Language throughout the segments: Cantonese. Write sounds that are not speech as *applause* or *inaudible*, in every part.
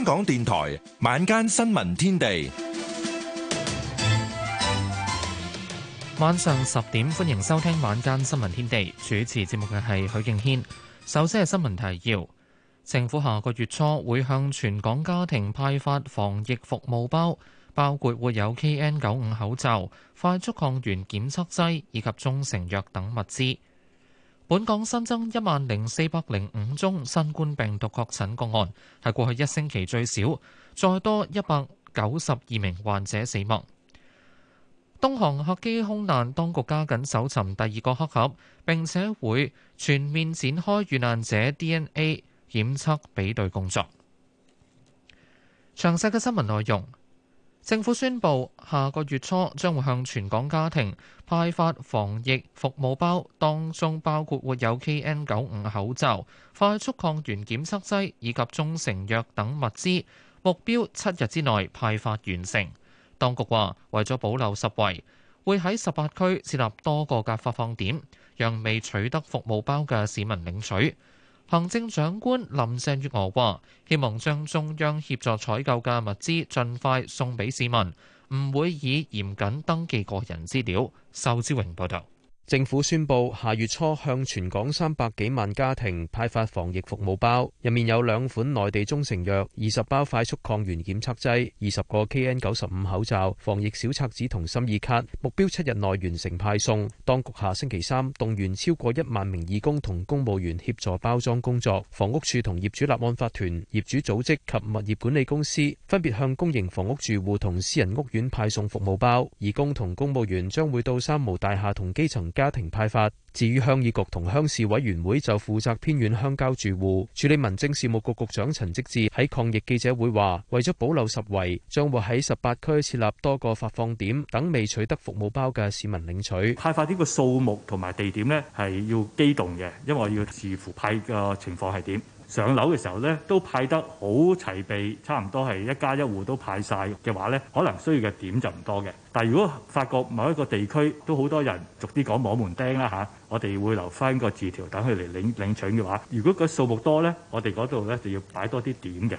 香港電台晚間新聞天地，晚上十點，歡迎收聽晚間新聞天地。主持節目嘅係許敬軒。首先係新聞提要：政府下個月初會向全港家庭派發防疫服務包，包括會有 KN95 口罩、快速抗原檢測劑以及中成藥等物資。本港新增一萬零四百零五宗新冠病毒確診個案，係過去一星期最少，再多一百九十二名患者死亡。東航客機空難當局加緊搜尋第二個黑盒，並且會全面展開遇難者 DNA 檢測比對工作。詳細嘅新聞內容。政府宣佈，下個月初將會向全港家庭派發防疫服務包，當中包括會有 KN 九五口罩、快速抗原檢測劑以及中成藥等物資，目標七日之內派發完成。當局話，為咗保留十圍，會喺十八區設立多個嘅發放點，讓未取得服務包嘅市民領取。行政長官林鄭月娥話：希望將中央協助採購嘅物資盡快送俾市民，唔會以嚴謹登記個人資料，仇志榮報道。政府宣布下月初向全港三百幾萬家庭派發防疫服務包，入面有兩款內地中成藥、二十包快速抗原檢測劑、二十個 KN 九十五口罩、防疫小冊子同心意卡，目標七日內完成派送。當局下星期三動員超過一萬名義工同公務員協助包裝工作。房屋署同業主立案法團、業主組織及物業管理公司分別向公營房屋住戶同私人屋苑派送服務包。義工同公務員將會到三無大廈同基層家庭派發，至於鄉議局同鄉事委員會就負責偏遠鄉郊住戶處理。民政事務局局長陳積志喺抗疫記者會話，為咗保留十圍，將會喺十八區設立多個發放點，等未取得服務包嘅市民領取。派發呢個數目同埋地點呢，係要機動嘅，因為我要視乎派嘅情況係點。上樓嘅時候呢，都派得好齊備，差唔多係一家一戶都派晒嘅話呢，可能需要嘅點就唔多嘅。但係如果發覺某一個地區都好多人逐啲講摸門釘啦嚇，我哋會留返個字條等佢嚟領領取嘅話，如果個數目多呢，我哋嗰度呢就要擺多啲點嘅。.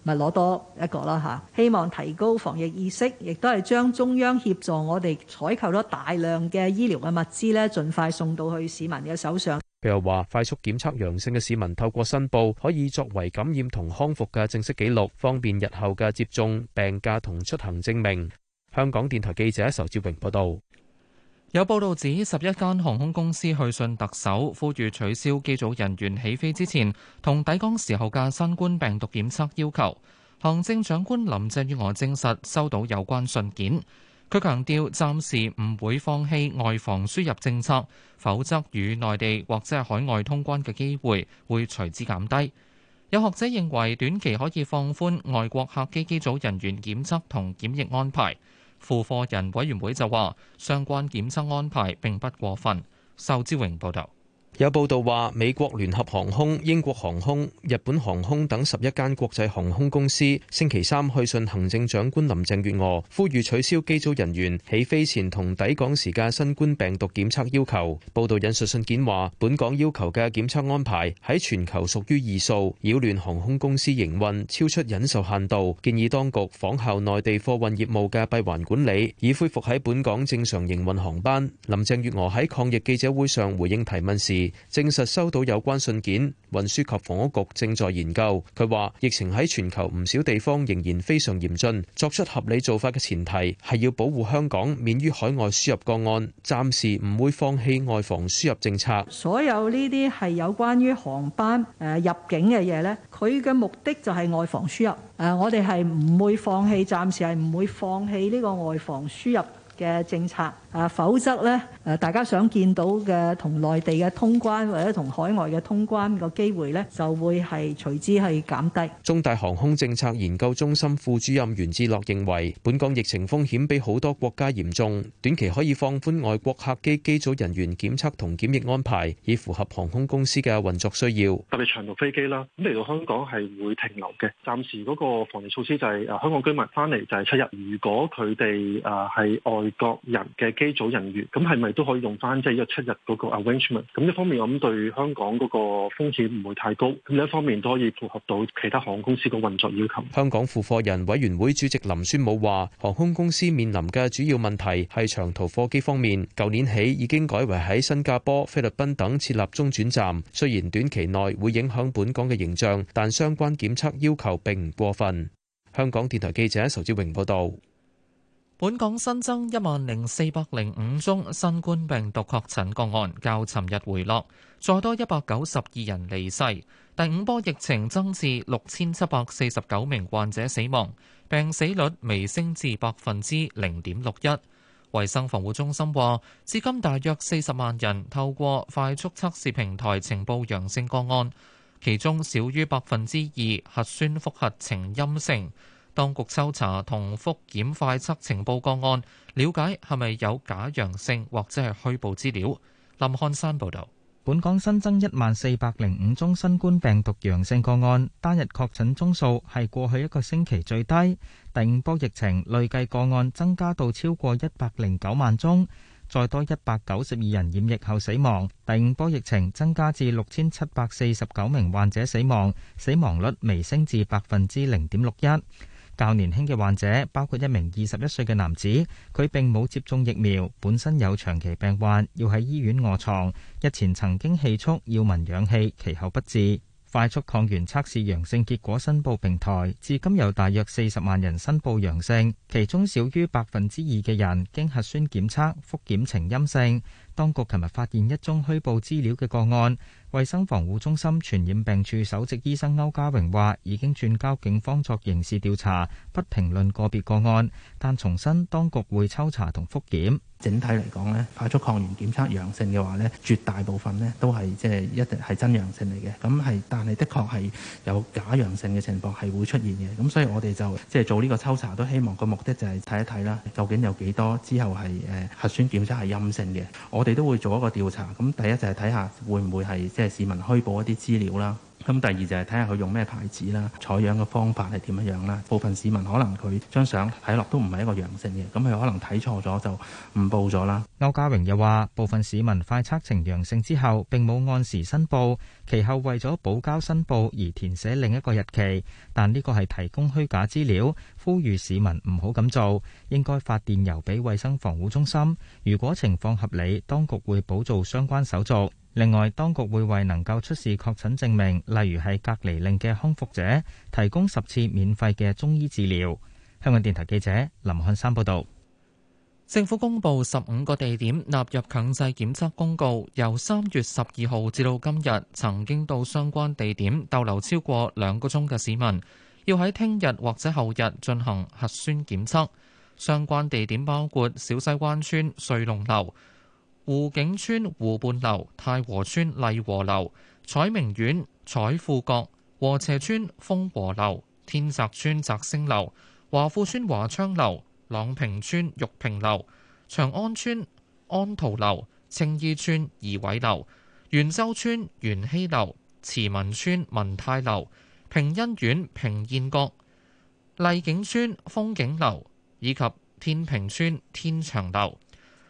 咪攞多一個啦吓，希望提高防疫意識，亦都係將中央協助我哋採購咗大量嘅醫療嘅物資咧，盡快送到去市民嘅手上。佢又話快速檢測陽性嘅市民透過申報，可以作為感染同康復嘅正式記錄，方便日後嘅接種病假同出行證明。香港電台記者仇志榮報道。有報道指，十一間航空公司去信特首，呼籲取消機組人員起飛之前同抵港時候嘅新冠病毒檢測要求。行政長官林鄭月娥證實收到有關信件，佢強調暫時唔會放棄外防輸入政策，否則與內地或者係海外通關嘅機會會隨之減低。有學者認為，短期可以放寬外國客機機組人員檢測同檢疫安排。附課人委員會就話，相關檢測安排並不過分。仇志榮報導。有報道話，美國聯合航空、英國航空、日本航空等十一間國際航空公司星期三去信行政長官林鄭月娥，呼籲取消機組人員起飛前同抵港時嘅新冠病毒檢測要求。報道引述信件話，本港要求嘅檢測安排喺全球屬於異數，擾亂航空公司營運，超出忍受限度。建議當局仿效內地貨運業務嘅閉環管理，以恢復喺本港正常營運航班。林鄭月娥喺抗疫記者會上回應提問時，證實收到有關信件，運輸及房屋局正在研究。佢話疫情喺全球唔少地方仍然非常嚴峻，作出合理做法嘅前提係要保護香港免於海外輸入個案，暫時唔會放棄外防輸入政策。所有呢啲係有關於航班誒入境嘅嘢咧，佢嘅目的就係外防輸入。誒，我哋係唔會放棄，暫時係唔會放棄呢個外防輸入嘅政策。誒，否則咧，誒，大家想見到嘅同內地嘅通關或者同海外嘅通關個機會咧，就會係隨之係減低。中大航空政策研究中心副主任袁志樂認為，本港疫情風險比好多國家嚴重，短期可以放寬外國客機機組人員檢測同檢疫安排，以符合航空公司嘅運作需要。特別長途飛機啦，咁嚟到香港係會停留嘅。暫時嗰個防疫措施就係、是、誒香港居民翻嚟就係七日，如果佢哋誒係外國人嘅。機組人員咁係咪都可以用翻即係一七日嗰個 arrangement？咁一方面我諗對香港嗰個風險唔會太高，咁另一方面都可以符合到其他航空公司嘅運作要求。香港付貨人委員會主席林孫武話：航空公司面臨嘅主要問題係長途貨機方面，舊年起已經改為喺新加坡、菲律賓等設立中轉站，雖然短期內會影響本港嘅形象，但相關檢測要求並唔過分。香港電台記者仇志榮報導。本港新增一萬零四百零五宗新冠病毒確診個案，較尋日回落，再多一百九十二人離世。第五波疫情增至六千七百四十九名患者死亡，病死率微升至百分之零點六一。衛生防護中心話至今大約四十萬人透過快速測試平台呈報陽性個案，其中少於百分之二核酸複核呈陰性。當局抽查同復檢快測情報個案，了解係咪有假陽性或者係虛報資料。林漢山報導，本港新增一萬四百零五宗新冠病毒陽性個案，單日確診宗數係過去一個星期最低。第五波疫情累計個案增加到超過一百零九萬宗，再多一百九十二人染疫後死亡。第五波疫情增加至六千七百四十九名患者死亡，死亡率微升至百分之零點六一。較年輕嘅患者包括一名二十一歲嘅男子，佢並冇接種疫苗，本身有長期病患，要喺醫院臥床，日前曾經氣促要聞氧氣，其後不治。快速抗原測試陽性結果申報平台，至今有大約四十萬人申報陽性，其中少於百分之二嘅人經核酸檢測複檢呈陰性。當局琴日發現一宗虛報資料嘅個案，衛生防護中心傳染病處首席醫生歐家榮話，已經轉交警方作刑事調查，不評論個別個案，但重申當局會抽查同複檢。整體嚟講咧，快速抗原檢測陽性嘅話呢，絕大部分咧都係即係一定係真陽性嚟嘅。咁係，但係的確係有假陽性嘅情況係會出現嘅。咁所以我哋就即係做呢個抽查，都希望個目的就係睇一睇啦，究竟有幾多之後係誒、呃、核酸檢測係陰性嘅，我哋。你都會做一個調查，咁第一就係睇下會唔會係即係市民虛報一啲資料啦。咁第二就係睇下佢用咩牌子啦，採樣嘅方法係點樣啦。部分市民可能佢張相睇落都唔係一個陽性嘅，咁佢可能睇錯咗就唔報咗啦。歐家榮又話：部分市民快測呈陽性之後並冇按時申報，其後為咗補交申報而填寫另一個日期，但呢個係提供虛假資料，呼籲市民唔好咁做，應該發電郵俾衛生防護中心。如果情況合理，當局會補做相關手續。另外，當局會為能夠出示確診證明，例如係隔離令嘅康復者，提供十次免費嘅中醫治療。香港電台記者林漢山報導。政府公布十五個地點納入強制檢測公告，由三月十二號至到今日，曾經到相關地點逗留超過兩個鐘嘅市民，要喺聽日或者後日進行核酸檢測。相關地點包括小西灣村、瑞龍樓。湖景村湖畔樓、太和村麗和樓、彩明苑彩富閣、和斜村豐和樓、天澤村澤星樓、華富村華昌樓、朗屏村玉屏樓、長安村安濤樓、青衣村宜偉樓、元洲村元熙樓、慈民村民泰樓、平恩苑平燕閣、麗景村風景樓以及天平村天長樓。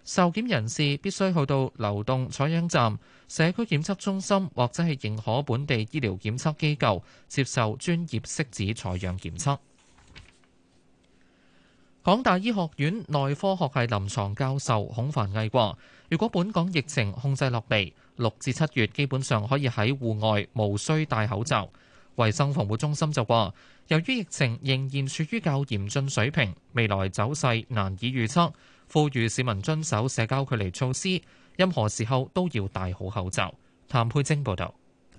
受檢人士必須去到流動採樣站、社區檢測中心或者係認可本地醫療檢測機構接受專業拭子採樣檢測。港大醫學院內科學系臨床教授孔凡毅話，如果本港疫情控制落地，六至七月基本上可以喺戶外無需戴口罩。衞生防護中心就話，由於疫情仍然處於較嚴峻水平，未來走勢難以預測。呼籲市民遵守社交距離措施，任何時候都要戴好口罩。譚佩晶報道。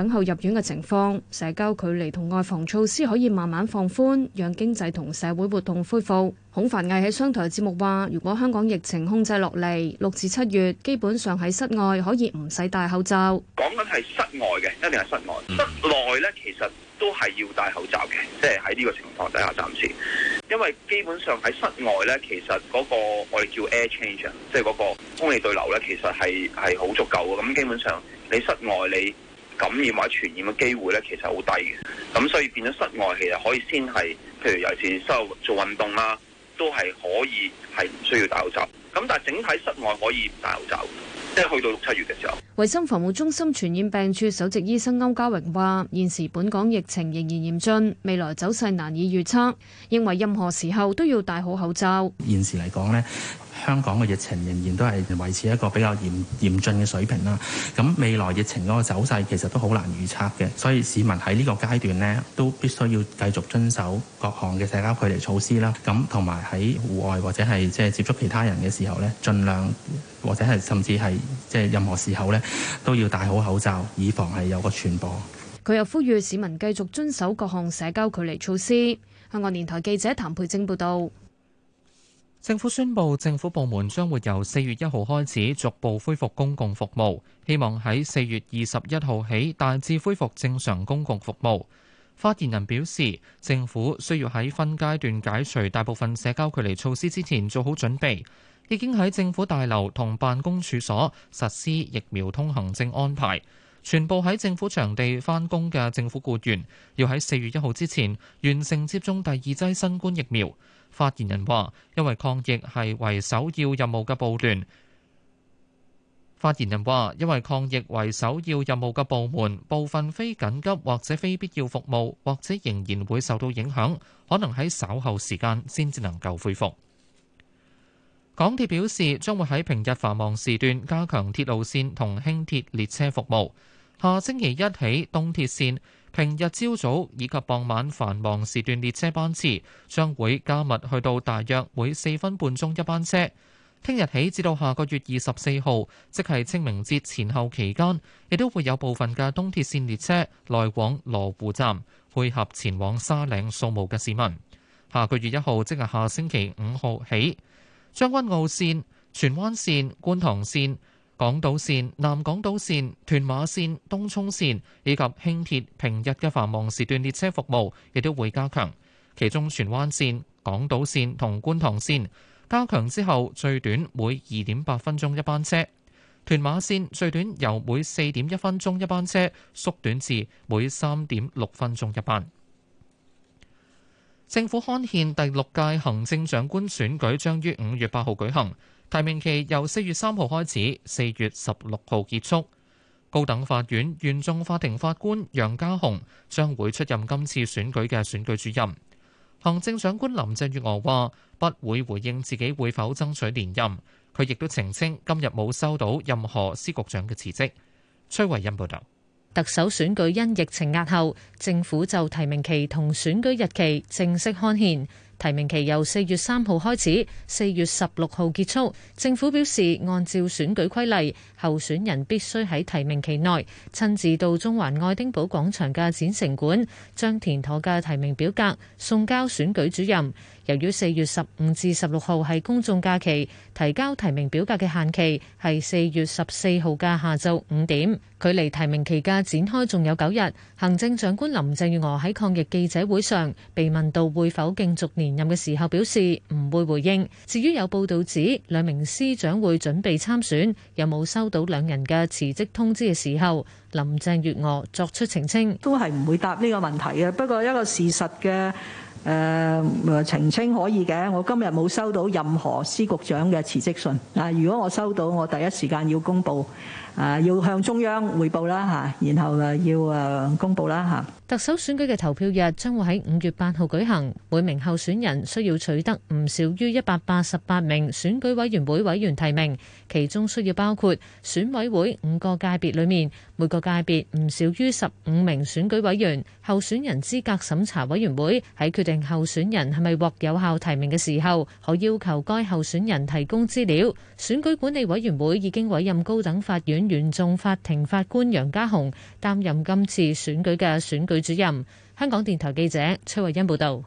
等候入院嘅情況，社交距離同外防措施可以慢慢放寬，讓經濟同社會活動恢復。孔繁毅喺商台節目話，如果香港疫情控制落嚟，六至七月基本上喺室外可以唔使戴口罩。講緊係室外嘅，一定係室外。室內咧，其實都係要戴口罩嘅，即係喺呢個情況底下暫時。因為基本上喺室外咧，其實嗰個我哋叫 air change，即係嗰個空氣對流咧，其實係係好足夠嘅。咁基本上你室外你。感染或者傳染嘅機會咧，其實好低嘅，咁所以變咗室外其實可以先係譬如尤其是室外做運動啦，都係可以係唔需要戴口罩。咁但係整體室外可以唔戴口罩，即係去到六七月嘅時候。衛生防護中心傳染病處首席醫生歐家榮話，現時本港疫情仍然嚴峻，未來走勢難以預測，認為任何時候都要戴好口罩。現時嚟講呢。香港嘅疫情仍然都係維持一個比較嚴嚴峻嘅水平啦。咁未來疫情嗰個走勢其實都好難預測嘅，所以市民喺呢個階段咧都必須要繼續遵守各項嘅社交距離措施啦。咁同埋喺戶外或者係即係接觸其他人嘅時候咧，盡量或者係甚至係即係任何時候咧都要戴好口罩，以防係有個傳播。佢又呼籲市民繼續遵守各項社交距離措施。香港電台記者譚佩晶報道。政府宣布，政府部門將會由四月一號開始逐步恢復公共服務，希望喺四月二十一號起大致恢復正常公共服務。發言人表示，政府需要喺分階段解除大部分社交距離措施之前做好準備，已經喺政府大樓同辦公處所實施疫苗通行證安排。全部喺政府場地翻工嘅政府僱員要喺四月一號之前完成接種第二劑新冠疫苗。發言人話：因為抗疫係為首要任務嘅部段。發言人話：因為抗疫為首要任務嘅部門，部分非緊急或者非必要服務，或者仍然會受到影響，可能喺稍後時間先至能夠恢復。港鐵表示將會喺平日繁忙時段加強鐵路線同輕鐵列車服務。下星期一起，東鐵線。平日朝早，早以及傍晚繁忙時段列車班次將會加密，去到大約每四分半鐘一班車。聽日起至到下個月二十四號即係清明節前後期間亦都會有部分嘅東鐵線列車來往羅湖站，配合前往沙嶺掃墓嘅市民。下個月一號即係下星期五號起，將軍澳線、荃灣線、觀塘線、港島線、南港島線、屯馬線、東涌線以及輕鐵平日嘅繁忙時段列車服務亦都會加強。其中，荃灣線、港島線同觀塘線加強之後，最短每二點八分鐘一班車；屯馬線最短由每四點一分鐘一班車縮短至每三點六分鐘一班。政府刊憲，第六屆行政長官選舉將於五月八號舉行。提名期由四月三號開始，四月十六號結束。高等法院原訟法庭法官楊家雄將會出任今次選舉嘅選舉主任。行政長官林鄭月娥話：不會回應自己會否爭取連任。佢亦都澄清今日冇收到任何司局長嘅辭職。崔維恩報導。特首選舉因疫情押後，政府就提名期同選舉日期正式刊憲。提名期由四月三號開始，四月十六號結束。政府表示，按照選舉規例，候選人必須喺提名期內親自到中環愛丁堡廣場嘅展城館，將填妥嘅提名表格送交選舉主任。由於四月十五至十六號係公眾假期，提交提名表格嘅限期係四月十四號嘅下晝五點，距離提名期間展開仲有九日。行政長官林鄭月娥喺抗疫記者會上被問到會否競逐連任嘅時候，表示唔會回應。至於有報導指兩名司長會準備參選，有冇收到兩人嘅辭職通知嘅時候，林鄭月娥作出澄清，都係唔會答呢個問題嘅。不過一個事實嘅。誒、呃、澄清可以嘅，我今日冇收到任何司局長嘅辭職信。嗱、啊，如果我收到，我第一時間要公佈，啊，要向中央匯報啦嚇、啊，然後要誒、啊、公佈啦嚇。啊特首選舉嘅投票日將會喺五月八號舉行，每名候選人需要取得唔少於一百八十八名選舉委員會委員提名，其中需要包括選委會五個界別裏面每個界別唔少於十五名選舉委員。候選人資格審查委員會喺決定候選人係咪獲有效提名嘅時候，可要求該候選人提供資料。選舉管理委員會已經委任高等法院原訟法庭法官楊家雄擔任今次選舉嘅選舉主任，香港電台記者崔慧欣報道：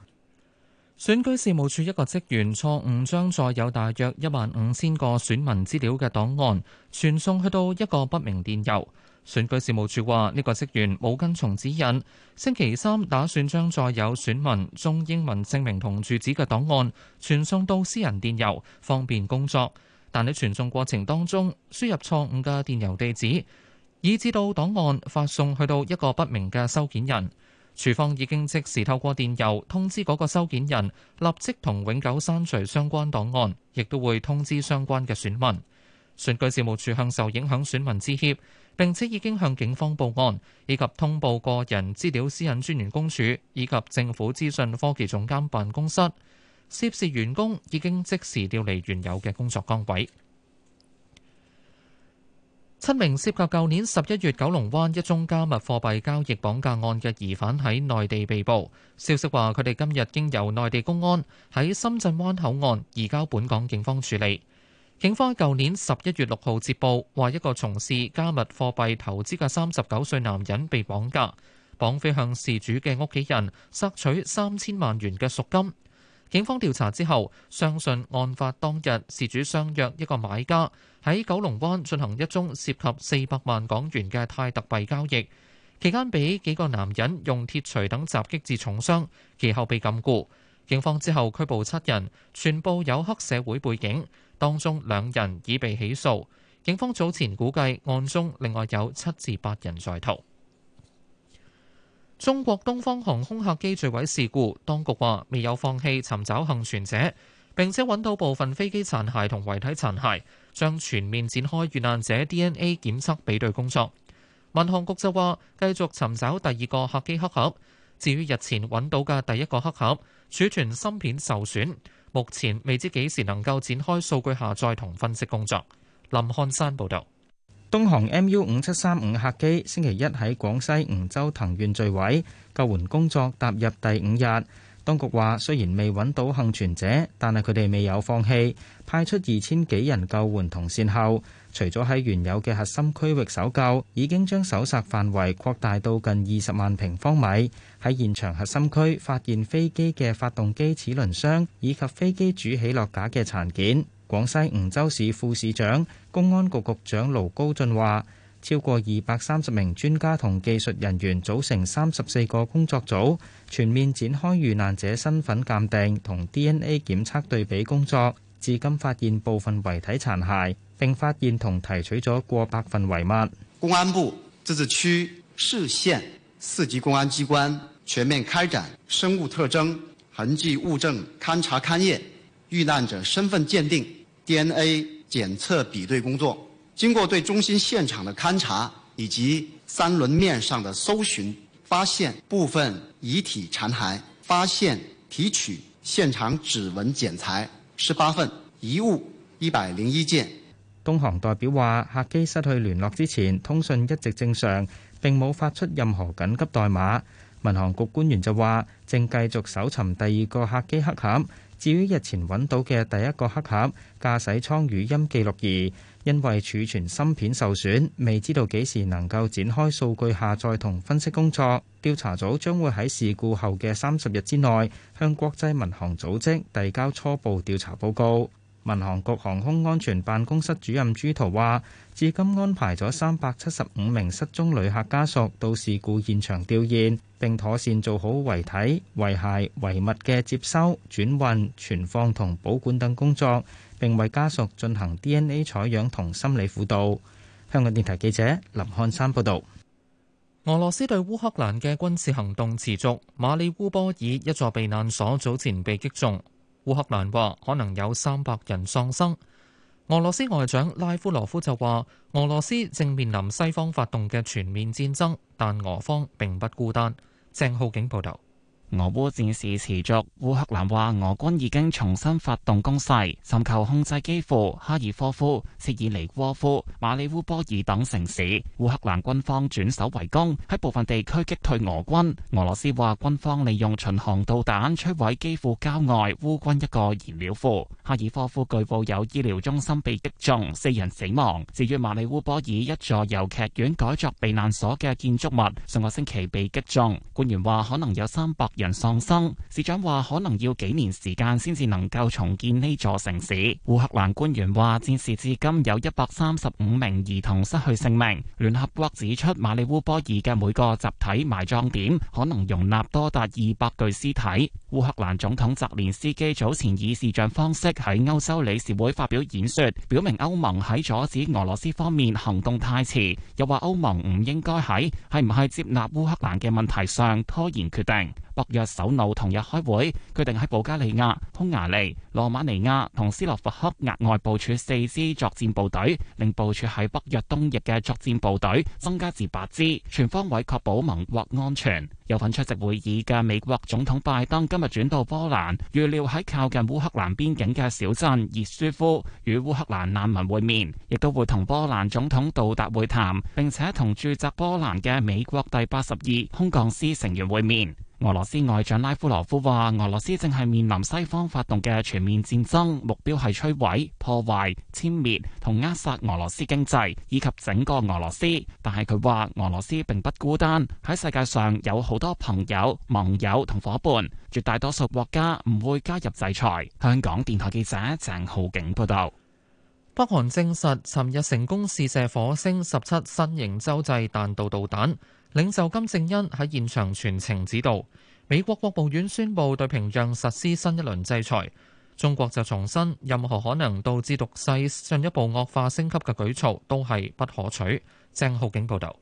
選舉事務處一個職員錯誤將載有大約一萬五千個選民資料嘅檔案傳送去到一個不明電郵。選舉事務處話呢個職員冇跟從指引，星期三打算將載有選民中英文證明同住址嘅檔案傳送到私人電郵，方便工作。但喺傳送過程當中，輸入錯誤嘅電郵地址。已知道檔案發送去到一個不明嘅收件人，處方已經即時透過電郵通知嗰個收件人，立即同永久刪除相關檔案，亦都會通知相關嘅選民。選舉事務處向受影響選民致歉，並且已經向警方報案，以及通報個人資料私隱專員公署以及政府資訊科技總監辦公室。涉事員工已經即時調離原有嘅工作崗位。七名涉及舊年十一月九龍灣一宗加密貨幣交易綁架案嘅疑犯喺內地被捕。消息話，佢哋今日經由內地公安喺深圳灣口岸移交本港警方處理。警方舊年十一月六號接報，話一個從事加密貨幣投資嘅三十九歲男人被綁架，綁匪向事主嘅屋企人索取三千萬元嘅贖金。警方調查之後，相信案發當日事主相約一個買家喺九龍灣進行一宗涉及四百萬港元嘅泰特幣交易，期間被幾個男人用鐵錘等襲擊至重傷，其後被禁錮。警方之後拘捕七人，全部有黑社會背景，當中兩人已被起訴。警方早前估計案中另外有七至八人在逃。中國東方航空客機墜毀事故，當局話未有放棄尋找幸存者，並且揾到部分飛機殘骸同遺體殘骸，將全面展開遇難者 DNA 檢測比對工作。民航局就話繼續尋找第二個客機黑盒，至於日前揾到嘅第一個黑盒，儲存芯片受損，目前未知幾時能夠展開數據下載同分析工作。林漢山報道。東航 MU 五七三五客機星期一喺廣西梧州藤縣墜毀，救援工作踏入第五日。當局話雖然未揾到倖存者，但係佢哋未有放棄，派出二千幾人救援同善後。除咗喺原有嘅核心區域搜救，已經將搜索範圍擴大到近二十萬平方米。喺現場核心區發現飛機嘅發動機齒輪箱以及飛機主起落架嘅殘件。廣西梧州市副市長、公安局局長盧高俊話：超過二百三十名專家同技術人員組成三十四個工作組，全面展開遇難者身份鑑定同 DNA 檢測對比工作。至今發現部分遺體殘骸，並發現同提取咗過百份遺物。公安部、自治區、市縣四級公安機關全面開展生物特徵、痕跡物證勘查勘驗、遇難者身份鑑定。DNA 檢測比對工作，經過對中心現場嘅勘查以及三輪面上嘅搜尋，發現部分遺體殘骸，發現提取現場指紋檢材十八份，遺物一百零一件。東航代表話：客機失去聯絡之前，通訊一直正常，並冇發出任何緊急代碼。民航局官員就話：正繼續搜尋第二個客機黑匣。至於日前揾到嘅第一個黑盒，駕駛艙語音記錄儀，因為儲存芯片受損，未知道幾時能夠展開數據下載同分析工作。調查組將會喺事故後嘅三十日之內，向國際民航組織遞交初步調查報告。民航局航空安全辦公室主任朱濤話，至今安排咗三百七十五名失蹤旅客家屬到事故現場吊唁，並妥善做好遺體、遺骸、遺物嘅接收、轉運、存放同保管等工作，並為家屬進行 DNA 採樣同心理輔導。香港電台記者林漢山報道。俄羅斯對烏克蘭嘅軍事行動持續，馬里烏波爾一座避難所早前被擊中。烏克蘭話可能有三百人喪生。俄羅斯外長拉夫羅夫就話：俄羅斯正面臨西方發動嘅全面戰爭，但俄方並不孤單。鄭浩景報道。俄烏戰事持續，烏克蘭話俄軍已經重新發動攻勢，尋求控制幾乎哈爾科夫、切爾尼戈夫、馬里烏波爾等城市。烏克蘭軍方轉手為攻，喺部分地區擊退俄軍。俄羅斯話軍方利用巡航導彈摧毀幾乎郊外烏軍一個燃料庫。哈爾科夫據報有醫療中心被擊中，四人死亡。至於馬里烏波爾一座由劇院改作避難所嘅建築物，上個星期被擊中，官員話可能有三百人喪生，市長話可能要幾年時間先至能夠重建呢座城市。烏克蘭官員話，戰事至今有一百三十五名兒童失去性命。聯合國指出，馬里烏波爾嘅每個集體埋葬點可能容納多達二百具屍體。烏克蘭總統澤連斯基早前以視像方式喺歐洲理事會發表演說，表明歐盟喺阻止俄羅斯方面行動太遲，又話歐盟唔應該喺係唔係接納烏克蘭嘅問題上拖延決定。北約首腦同日開會，決定喺保加利亞、匈牙利、羅馬尼亞同斯洛伐克額外部署四支作戰部隊，令部署喺北約東翼嘅作戰部隊增加至八支，全方位確保盟國安全。有份出席會議嘅美國總統拜登今日轉到波蘭，預料喺靠近烏克蘭邊境嘅小鎮熱舒夫與烏克蘭難民會面，亦都會同波蘭總統杜達會談，並且同駐紮波蘭嘅美國第八十二空降師成員會面。俄羅斯外長拉夫羅夫話：俄羅斯正係面臨西方發動嘅全面戰爭，目標係摧毀、破壞、殲滅同扼殺俄羅斯經濟以及整個俄羅斯。但係佢話俄羅斯並不孤單，喺世界上有好多朋友、盟友同伙伴，絕大多數國家唔會加入制裁。香港電台記者鄭浩景報道。北韓證實，尋日成功試射火星十七新型洲際彈道導彈。領袖金正恩喺現場全程指導。美國國務院宣布對平壤實施新一輪制裁，中國就重申，任何可能導致局勢進一步惡化升級嘅舉措都係不可取。鄭浩景報道。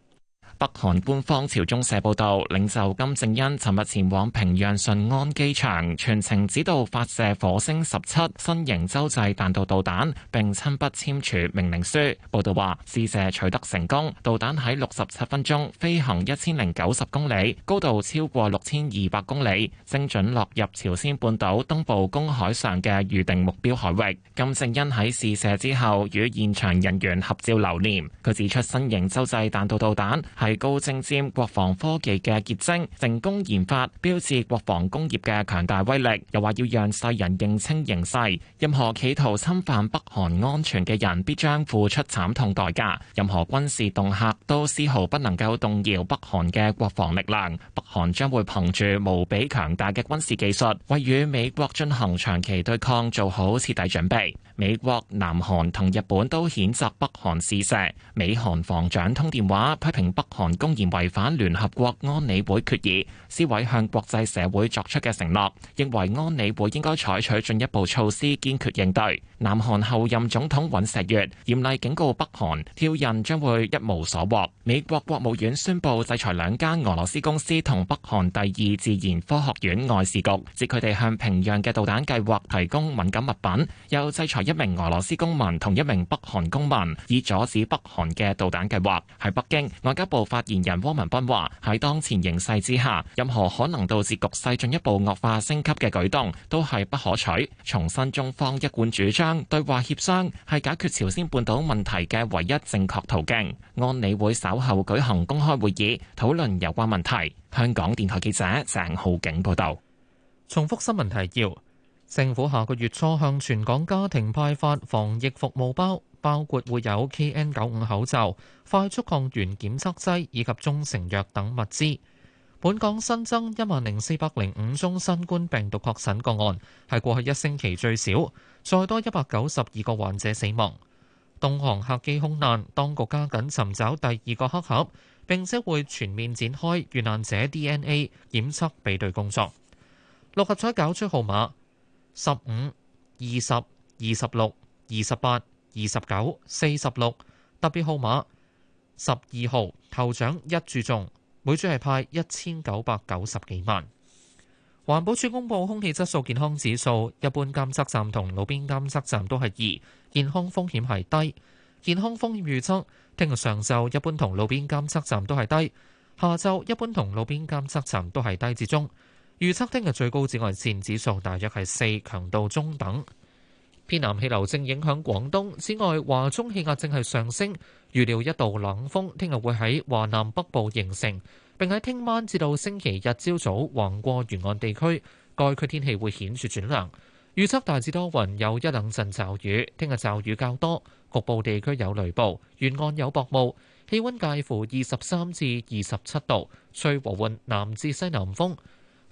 北韓官方朝中社報導，領袖金正恩尋日前往平壤順安機場，全程指導發射火星十七新型洲際彈道導彈，並親筆簽署命令書。報導話試射取得成功，導彈喺六十七分鐘飛行一千零九十公里，高度超過六千二百公里，精準落入朝鮮半島東部公海上嘅預定目標海域。金正恩喺試射之後與現場人員合照留念。佢指出新型洲際彈道導彈係最高精尖國防科技嘅結晶，成功研發，標誌國防工業嘅強大威力。又話要讓世人認清形勢，任何企圖侵犯北韓安全嘅人，必將付出慘痛代價。任何軍事恫嚇都絲毫不能夠動搖北韓嘅國防力量。北韓將會憑住無比強大嘅軍事技術，為與美國進行長期對抗做好徹底準備。美國、南韓同日本都譴責北韓試射，美韓防長通電話批評北韓公然違反聯合國安理會決議，撕毀向國際社會作出嘅承諾，認為安理會應該採取進一步措施堅決應對。南韓候任總統尹錫悅嚴厲警告北韓，挑釁將會一無所獲。美國國務院宣布制裁兩間俄羅斯公司同北韓第二自然科學院外事局，指佢哋向平壤嘅導彈計劃提供敏感物品，又制裁一一名俄羅斯公民同一名北韓公民，以阻止北韓嘅導彈計劃。喺北京，外交部發言人汪文斌話：喺當前形勢之下，任何可能導致局勢進一步惡化升級嘅舉動都係不可取。重申中方一貫主張，對話協商係解決朝鮮半島問題嘅唯一正確途徑。安理會稍後舉行公開會議，討論有關問題。香港電台記者鄭浩景報道。重複新聞提要。政府下個月初向全港家庭派發防疫服務包，包括會有 KN 九五口罩、快速抗原檢測劑以及中成藥等物資。本港新增一萬零四百零五宗新冠病毒確診個案，係過去一星期最少，再多一百九十二個患者死亡。東航客機空難，當局加緊尋找第二個黑盒，並且會全面展開遇難者 DNA 檢測比對工作。六合彩攪出號碼。十五、二十、二十六、二十八、二十九、四十六，特別號碼十二號頭獎一注中，每注係派一千九百九十幾萬。環保署公布空氣質素健康指數，一般監測站同路邊監測站都係二，健康風險係低。健康風險預測聽日上晝一般同路邊監測站都係低，下晝一般同路邊監測站都係低至中。預測聽日最高紫外線指數大約係四，強度中等。偏南氣流正影響廣東，此外，華中氣壓正係上升。預料一道冷風，聽日會喺華南北部形成，並喺聽晚至到星期日朝早橫過沿岸地區，該區天氣會顯著轉涼。預測大致多雲，有一兩陣驟雨。聽日驟雨較多，局部地區有雷暴，沿岸有薄霧。氣温介乎二十三至二十七度，吹和緩南至西南風。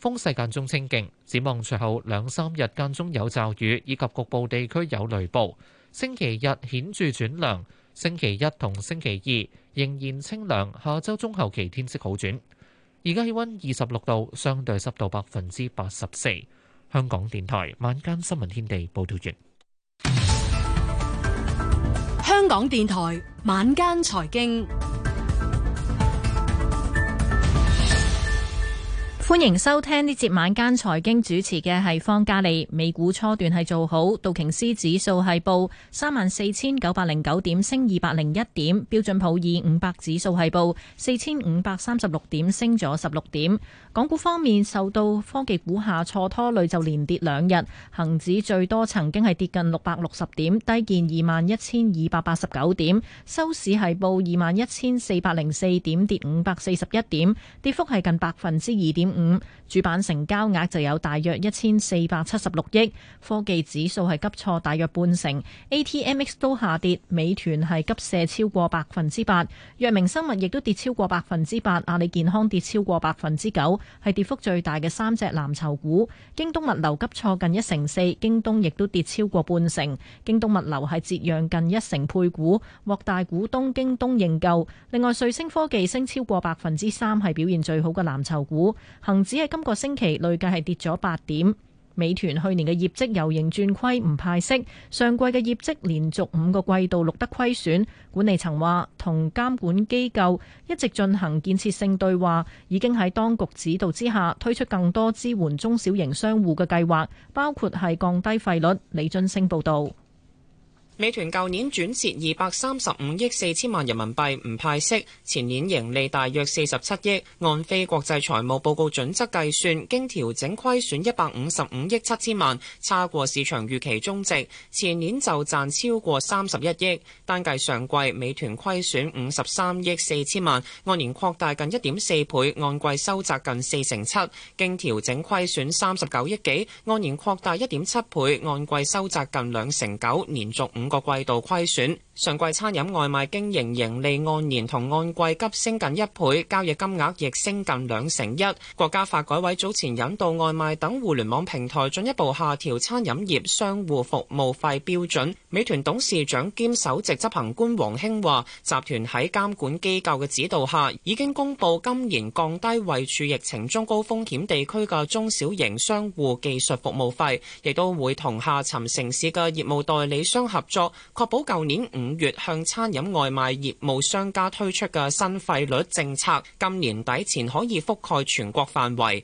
風勢間中清勁，展望隨後兩三日間中有驟雨以及局部地區有雷暴。星期日顯著轉涼，星期一同星期二仍然清涼。下周中後期天色好轉。而家氣温二十六度，相對濕度百分之八十四。香港電台晚間新聞天地報道完。香港電台晚間財經。歡迎收聽呢節晚間財經，主持嘅係方嘉利。美股初段係做好，道瓊斯指數係報三萬四千九百零九點，升二百零一點。標準普爾五百指數係報四千五百三十六點，升咗十六點。港股方面，受到科技股下挫拖累，就連跌兩日。恒指最多曾經係跌近六百六十點，低見二萬一千二百八十九點，收市係報二萬一千四百零四點，跌五百四十一點，跌幅係近百分之二點五。五主板成交額就有大約一千四百七十六億，科技指數係急挫大約半成，ATMX 都下跌，美團係急瀉超過百分之八，藥明生物亦都跌超過百分之八，阿里健康跌超過百分之九，係跌幅最大嘅三隻藍籌股。京東物流急挫近一成四，京東亦都跌超過半成，京東物流係折讓近一成配股，獲大股東京東認購。另外，瑞聲科技升超過百分之三，係表現最好嘅藍籌股。恒指喺今個星期累計係跌咗八點。美團去年嘅業績由盈轉虧，唔派息。上季嘅業績連續五個季度錄得虧損。管理層話，同監管機構一直進行建設性對話，已經喺當局指導之下推出更多支援中小型商戶嘅計劃，包括係降低費率。李津升報道。美團舊年轉蝕二百三十五億四千萬人民幣，唔派息。前年盈利大約四十七億，按非國際財務報告準則計算，經調整虧損一百五十五億七千萬，差過市場預期中值。前年就賺超過三十一億，單計上季美團虧損五十三億四千萬，按年擴大近一點四倍，按季收窄近四成七，經調整虧損三十九億幾，按年擴大一點七倍，按季收窄近兩成九，連續五個季度虧損。 *noise* 上季餐飲外賣經營盈利按年同按季急升近一倍，交易金額亦升近兩成一。國家發改委早前引導外賣等互聯網平台進一步下調餐飲業商戶服務費標準。美團董事長兼首席執行官王興話：集團喺監管機構嘅指導下，已經公佈今年降低位處疫情中高風險地區嘅中小型商戶技術服務費，亦都會同下沉城市嘅業務代理商合作，確保舊年唔。五月向餐飲外賣業務商家推出嘅新費率政策，今年底前可以覆蓋全國範圍。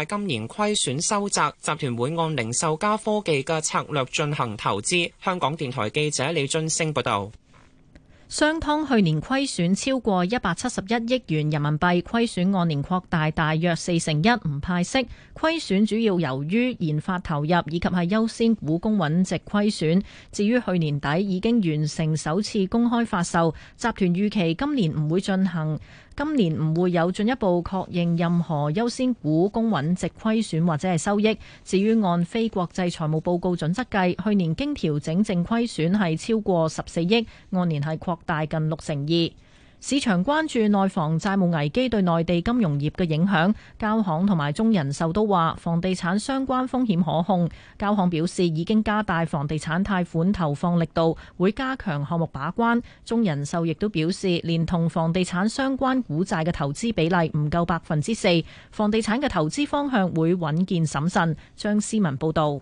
今年虧損收窄，集團會按零售加科技嘅策略進行投資。香港電台記者李俊升報道。商湯去年虧損超過一百七十一億元人民幣，虧損按年擴大，大約四成一，唔派息。虧損主要由於研發投入以及係優先股公允值虧損。至於去年底已經完成首次公開發售，集團預期今年唔會進行。今年唔會有進一步確認任何優先股公允值虧損或者係收益。至於按非國際財務報告準則計，去年經調整淨虧損係超過十四億，按年係擴大近六成二。市場關注內房債務危機對內地金融業嘅影響，交行同埋中人壽都話，房地產相關風險可控。交行表示已經加大房地產貸款投放力度，會加強項目把關。中人壽亦都表示，連同房地產相關股債嘅投資比例唔夠百分之四，房地產嘅投資方向會穩健審慎。張思文報道。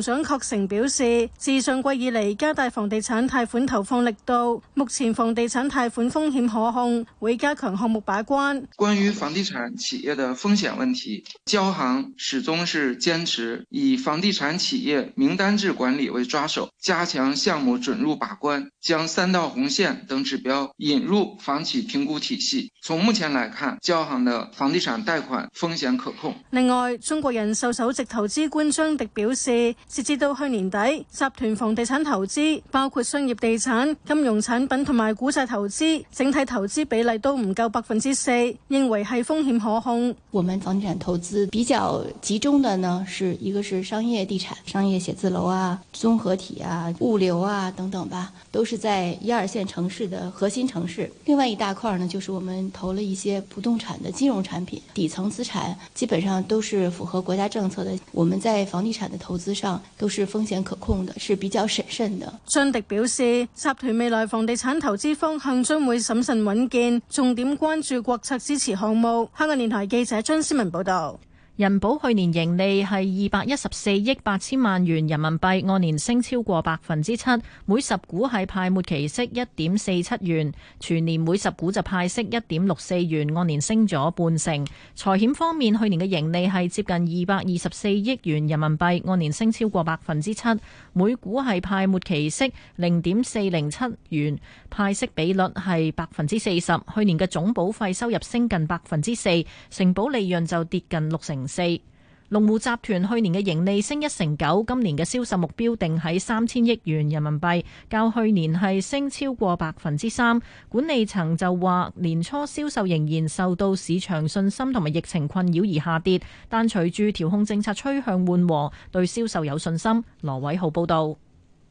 長確成表示，自上季以嚟加大房地產貸款投放力度，目前房地產貸款風險可控，會加強項目把關。關於房地產企業的風險問題，交行始終是堅持以房地產企業名單制管理為抓手，加強項目准入把關，將三道紅線等指標引入房企評估體系。從目前來看，交行的房地產貸款風險可控。另外，中國人壽首席投資官張迪表示。截至到去年底，集團房地產投資，包括商業地產、金融產品同埋股債投資，整體投資比例都唔夠百分之四，認為係風險可控。我們房地產投資比較集中的呢，是一個是商業地產，商業寫字樓啊、綜合體啊、物流啊等等吧，都是在一二線城市的核心城市。另外一大塊呢，就是我們投了一些不動產的金融產品，底層資產基本上都是符合國家政策的。我們在房地產的投資上。都是風險可控的，是比較審慎的。張迪表示，集團未來房地產投資方向將會審慎穩健，重點關注國策支持項目。香港電台記者張思文報道。人保去年盈利係二百一十四億八千萬元人民幣，按年升超過百分之七，每十股係派末期息一點四七元，全年每十股就派息一點六四元，按年升咗半成。財險方面，去年嘅盈利係接近二百二十四億元人民幣，按年升超過百分之七，每股係派末期息零點四零七元，派息比率係百分之四十。去年嘅總保費收入升近百分之四，承保利潤就跌近六成。四龍湖集團去年嘅盈利升一成九，今年嘅銷售目標定喺三千億元人民幣，較去年係升超過百分之三。管理層就話，年初銷售仍然受到市場信心同埋疫情困擾而下跌，但隨住調控政策趨向緩和，對銷售有信心。羅偉浩報道。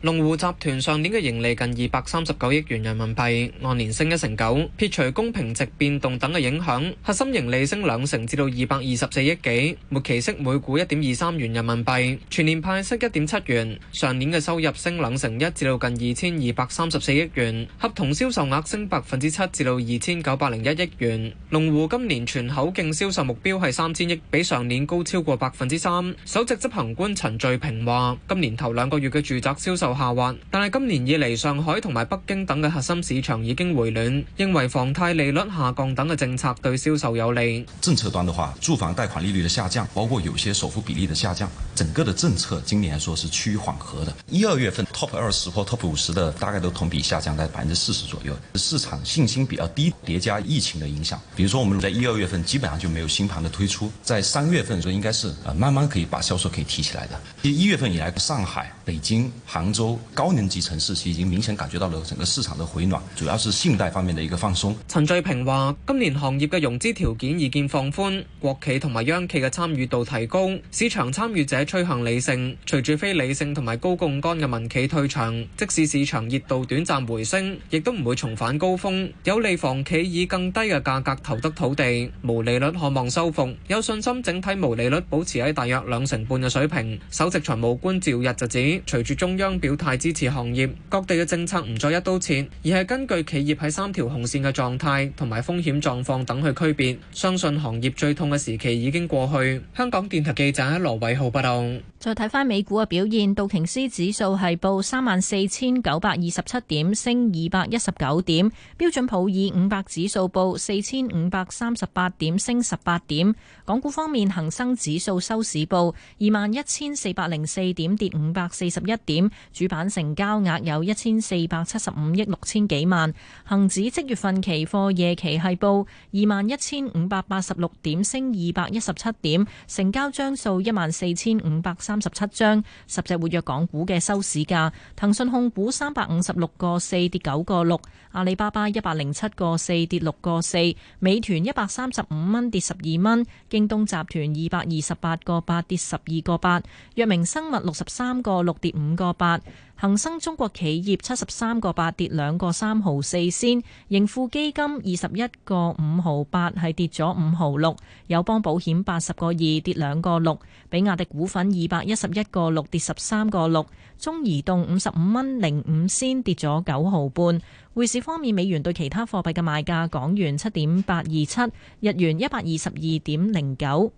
龍湖集團上年嘅盈利近二百三十九億元人民幣，按年升一成九。撇除公平值變動等嘅影響，核心盈利升兩成，至到二百二十四億幾，末期息每股一點二三元人民幣，全年派息一點七元。上年嘅收入升兩成一，至到近二千二百三十四億元，合同銷售額升百分之七，至到二千九百零一億元。龍湖今年全口徑銷售目標係三千億，比上年高超過百分之三。首席執行官陳序平話：今年頭兩個月嘅住宅銷售下滑，但係今年以嚟，上海同埋北京等嘅核心市場已經回暖，認為房貸利率下降等嘅政策對銷售有利。政策端的話，住房貸款利率的下降，包括有些首付比例的下降，整個的政策今年來說是趨於緩和的。一、二月份 top 二十或 top 五十的大概都同比下降在百分之四十左右，市場信心比較低，疊加疫情的影響。比如說我們在一、二月份基本上就沒有新盤的推出，在三月份就應該是啊慢慢可以把銷售可以提起來的。其實一月份以來，上海、北京、杭州。高能級城市已經明顯感覺到了整個市場的回暖，主要是信貸方面的一個放鬆。陳序平話：今年行業嘅融資條件已見放寬，國企同埋央企嘅參與度提高，市場參與者趨向理性。隨住非理性同埋高槓杆嘅民企退場，即使市場熱度短暫回升，亦都唔會重返高峰，有利房企以更低嘅價格投得土地。毛利率渴望收復，有信心整體毛利率保持喺大約兩成半嘅水平。首席財務官趙日就指，隨住中央表表態支持行業，各地嘅政策唔再一刀切，而係根據企業喺三條紅線嘅狀態同埋風險狀況等去區別。相信行業最痛嘅時期已經過去。香港電台記者羅偉浩報道。再睇翻美股嘅表現，道瓊斯指數係報三萬四千九百二十七點，升二百一十九點；標準普爾五百指數報四千五百三十八點，升十八點。港股方面，恒生指數收市報二萬一千四百零四點，跌五百四十一點。主板成交額有一千四百七十五億六千幾萬，恒指即月份期貨夜期係報二萬一千五百八十六點，升二百一十七點，成交張數一萬四千五百三十七張，十隻活躍港股嘅收市價，騰訊控股三百五十六個四跌九個六。阿里巴巴一百零七個四跌六個四，美團一百三十五蚊跌十二蚊，京東集團二百二十八個八跌十二個八，藥明生物六十三個六跌五個八。恒生中國企業七十三個八跌兩個三毫四仙，盈富基金二十一個五毫八係跌咗五毫六，友邦保險八十個二跌兩個六，比亞迪股份二百一十一個六跌十三個六，中移動五十五蚊零五仙跌咗九毫半。匯市方面，美元對其他貨幣嘅賣價，港元七點八二七，日元一百二十二點零九。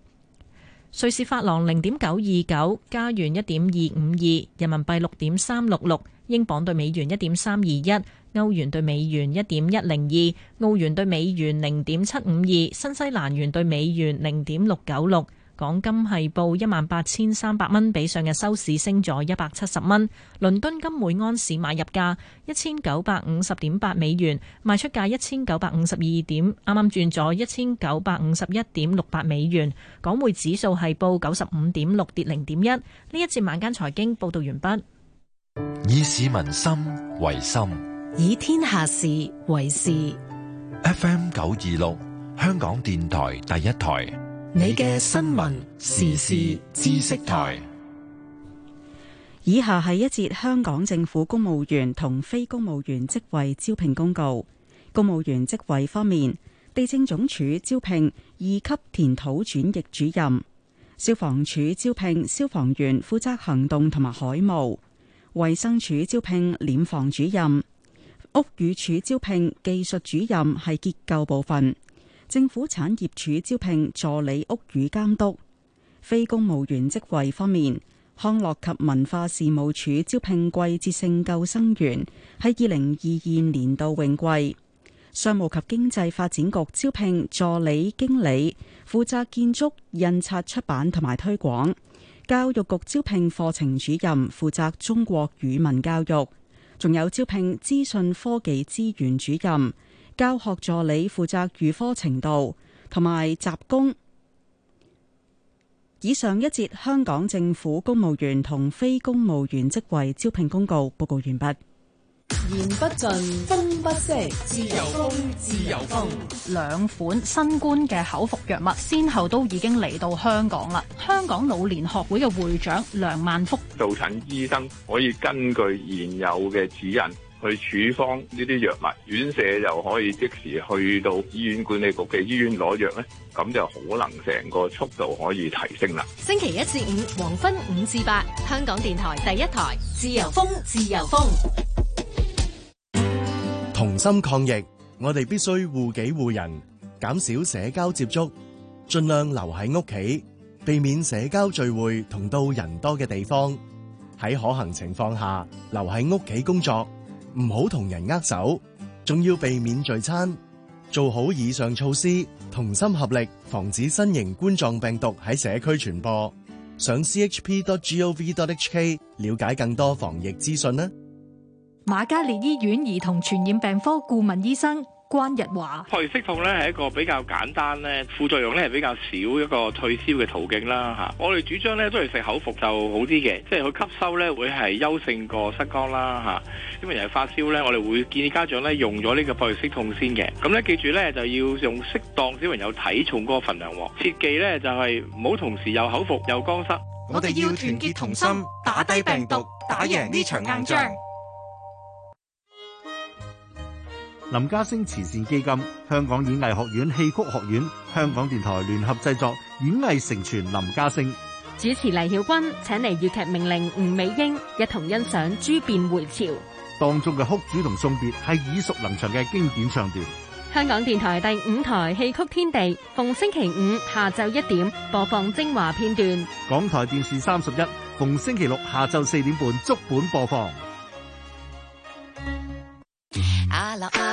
瑞士法郎零點九二九，加元一點二五二，人民幣六點三六六，英鎊兌美元一點三二一，歐元兌美元一點一零二，澳元兌美元零點七五二，新西蘭元兌美元零點六九六。港金係報一萬八千三百蚊，比上日收市升咗一百七十蚊。倫敦金每安士買入價一千九百五十點八美元，賣出價一千九百五十二點，啱啱轉咗一千九百五十一點六八美元。港匯指數係報九十五點六，跌零點一。呢一節晚間財經報道完畢。以市民心為心，以天下事為事。FM 九二六，香港電台第一台。你嘅新聞時事知識台，以下係一節香港政府公務員同非公務員職位招聘公告。公務員職位方面，地政總署招聘二級田土轉易主任，消防處招聘消防員負責行動同埋海務，衛生署招聘殮房主任，屋宇署招聘技術主任係結構部分。政府產業署招聘助理屋宇監督，非公務員職位方面，康樂及文化事務署招聘季節性救生員，喺二零二二年度泳季；商務及經濟發展局招聘助理經理，負責建築印刷出版同埋推廣；教育局招聘課程主任，負責中國語文教育，仲有招聘資訊科技資源主任。教學助理負責預科程度同埋集工。以上一節香港政府公務員同非公務員職位招聘公告報告完畢。言不盡，風不息，自由風，自由風。兩款新冠嘅口服藥物先後都已經嚟到香港啦。香港老年學會嘅會長梁萬福，做診醫生可以根據現有嘅指引，去處方呢啲藥物，院舍又可以即時去到醫院管理局嘅醫院攞藥咧，咁就可能成個速度可以提升啦。星期一至五黃昏五至八，香港電台第一台自由風，自由風同心抗疫，我哋必須護己護人，減少社交接觸，盡量留喺屋企，避免社交聚會同到人多嘅地方。喺可行情況下，留喺屋企工作。唔好同人握手，仲要避免聚餐，做好以上措施，同心合力防止新型冠狀病毒喺社區傳播。上 chp dot gov dot hk 了解更多防疫資訊啦。瑪嘉烈醫院兒童傳染病科顧問醫生。關日話，撲熱息痛咧係一個比較簡單咧，副作用咧係比較少一個退燒嘅途徑啦吓。我哋主張咧都係食口服就好啲嘅，即係佢吸收咧會係優勝過塞肛啦吓。小朋友發燒咧，我哋會建議家長咧用咗呢個撲熱息痛先嘅。咁咧記住咧就要用適當小朋友體重嗰個份量，切記咧就係唔好同時又口服又肛塞。我哋要團結同心，打低病毒，打贏呢場硬仗。林家聲慈善基金、香港演藝學院戲曲學院、香港電台聯合製作《演藝成全林家聲》，主持黎曉君，請嚟粵劇名伶吳美英一同欣賞《朱弁回朝》，當中嘅哭主同送別係耳熟能詳嘅經典唱段。香港電台第五台戲曲天地，逢星期五下晝一點播放精華片段。港台電視三十一，逢星期六下晝四點半足本播放。啊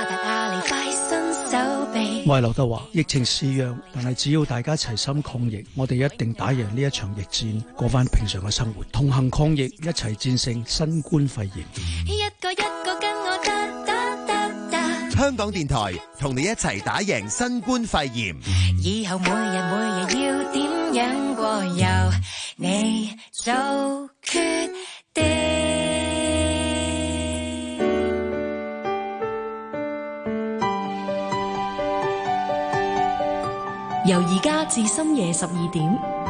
我係劉德華，疫情肆虐，但係只要大家齊心抗疫，我哋一定打贏呢一場疫戰，過返平常嘅生活。同行抗疫，一齊戰勝新冠肺炎。一個一個跟我打打打打。香港電台同你一齊打贏新冠肺炎。以後每日每日要點樣過由你做決定。由而家至深夜十二點。